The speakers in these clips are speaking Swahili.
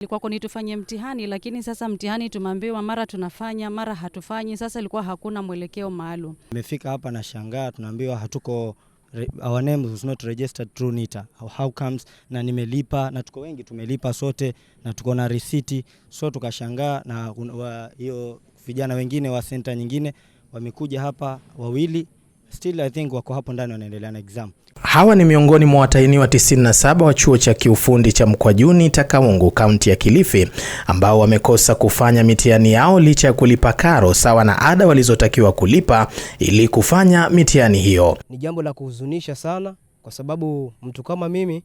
Ilikuwa kwani tufanye mtihani, lakini sasa mtihani tumeambiwa mara tunafanya mara hatufanyi. Sasa ilikuwa hakuna mwelekeo maalum. Nimefika hapa na shangaa, tunaambiwa hatuko our name was not registered through NITA. How, how comes? Na nimelipa na tuko wengi tumelipa sote na tuko na risiti, so tukashangaa. Na hiyo vijana wengine wa senta nyingine wamekuja hapa wawili Still I think wako hapo ndani wanaendelea na exam. Hawa ni miongoni mwa watahiniwa 97 wa chuo cha kiufundi cha Mkwajuni Takaungu, kaunti ya Kilifi, ambao wamekosa kufanya mitihani yao licha ya kulipa karo sawa na ada walizotakiwa kulipa ili kufanya mitihani hiyo. Ni jambo la kuhuzunisha sana, kwa sababu mtu kama mimi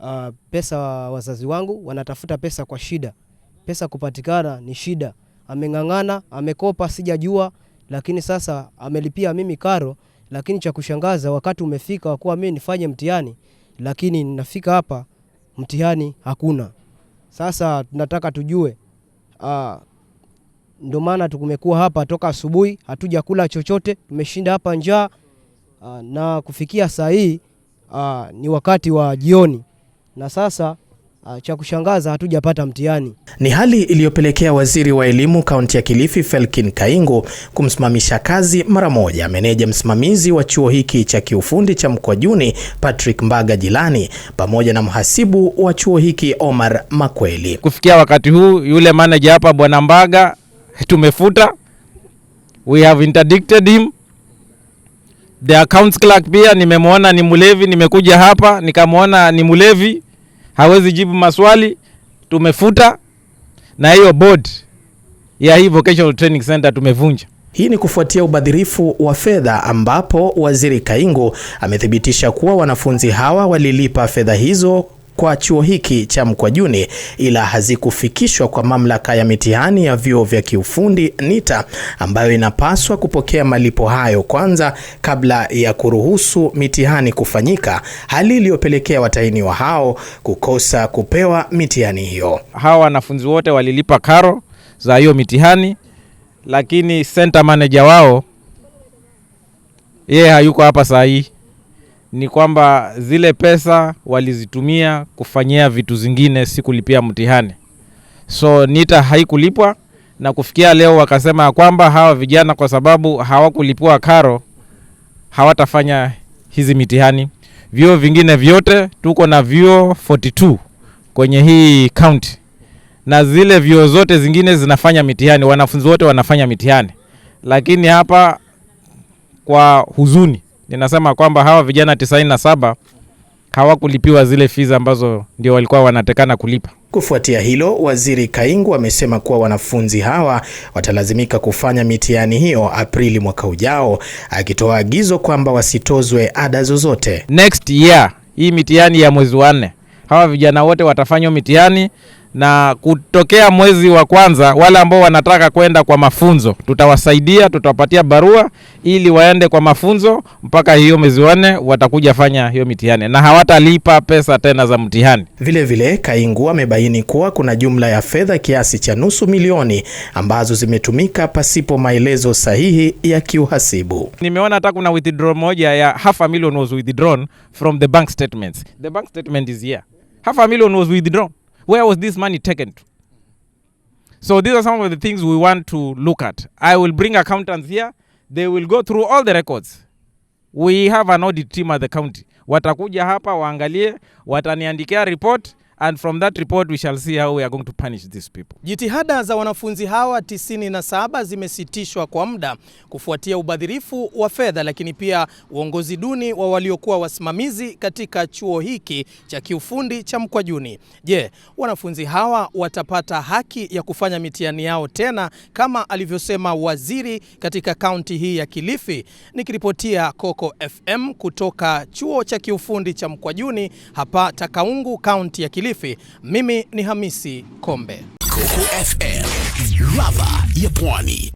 uh, pesa, wazazi wangu wanatafuta pesa kwa shida, pesa kupatikana ni shida. Ameng'ang'ana, amekopa, sijajua, lakini sasa amelipia mimi karo lakini cha kushangaza, wakati umefika wa kuwa mimi nifanye mtihani, lakini nafika hapa mtihani hakuna. Sasa tunataka tujue, ah, ndio maana tumekuwa hapa toka asubuhi, hatuja kula chochote, tumeshinda hapa njaa ah, na kufikia saa hii ah, ni wakati wa jioni na sasa Ah, cha kushangaza hatujapata mtihani. Ni hali iliyopelekea waziri wa elimu kaunti ya Kilifi Felkin Kaingo kumsimamisha kazi mara moja meneja msimamizi wa chuo hiki cha kiufundi cha Mkwajuni Patrick Mbaga Jilani pamoja na mhasibu wa chuo hiki Omar Makweli. Kufikia wakati huu yule manager hapa bwana Mbaga tumefuta, we have interdicted him. The accounts clerk pia nimemwona ni mulevi, nimekuja hapa nikamwona ni mulevi hawezi jibu maswali, tumefuta na hiyo board ya hii Vocational Training Center tumevunja. Hii ni kufuatia ubadhirifu wa fedha ambapo Waziri Kaingo amethibitisha kuwa wanafunzi hawa walilipa fedha hizo kwa chuo hiki cha Mkwajuni ila hazikufikishwa kwa mamlaka ya mitihani ya vyuo vya kiufundi NITA ambayo inapaswa kupokea malipo hayo kwanza kabla ya kuruhusu mitihani kufanyika, hali iliyopelekea watahiniwa hao kukosa kupewa mitihani hiyo. Hawa wanafunzi wote walilipa karo za hiyo mitihani, lakini center manager wao yeye hayuko hapa saa hii ni kwamba zile pesa walizitumia kufanyia vitu zingine, si kulipia mtihani. So NITA haikulipwa na kufikia leo wakasema ya kwamba hawa vijana kwa sababu hawakulipua karo hawatafanya hizi mitihani. Vyuo vingine vyote tuko na vyuo 42 kwenye hii county, na zile vyuo zote zingine zinafanya mitihani, wanafunzi wote wanafanya mitihani, lakini hapa kwa huzuni ninasema kwamba hawa vijana 97 na saba hawakulipiwa zile fees ambazo ndio walikuwa wanatekana kulipa. Kufuatia hilo, Waziri Kaingu amesema kuwa wanafunzi hawa watalazimika kufanya mitihani hiyo Aprili mwaka ujao, akitoa agizo kwamba wasitozwe ada zozote. Next year hii mitihani ya mwezi wa nne, hawa vijana wote watafanywa mitihani na kutokea mwezi wa kwanza, wale ambao wanataka kwenda kwa mafunzo tutawasaidia, tutawapatia barua ili waende kwa mafunzo mpaka hiyo mwezi wa nne watakuja fanya hiyo mitihani na hawatalipa pesa tena za mtihani. Vilevile, Kaingu amebaini kuwa kuna jumla ya fedha kiasi cha nusu milioni ambazo zimetumika pasipo maelezo sahihi ya kiuhasibu. Nimeona hata kuna withdrawal moja ya half a million was withdrawn from the bank statements. The bank statement is here. Half a million was withdrawn. Where was this money taken to? So these are some of the things we want to look at. I will bring accountants here. They will go through all the records. We have an audit team at the county. Watakuja hapa waangalie, wataniandikia report and from that report we shall see how we are going to punish these people. Jitihada za wanafunzi hawa 97 zimesitishwa kwa muda kufuatia ubadhirifu wa fedha, lakini pia uongozi duni wa waliokuwa wasimamizi katika chuo hiki cha kiufundi cha Mkwajuni. Je, wanafunzi hawa watapata haki ya kufanya mitihani yao tena kama alivyosema waziri katika kaunti hii ya Kilifi? Nikiripotia Coco FM kutoka chuo cha kiufundi cha Mkwajuni hapa Takaungu, kaunti ya Kilifi. Kilifi. Mimi ni Hamisi Kombe, Coco FM, ladha ya Pwani.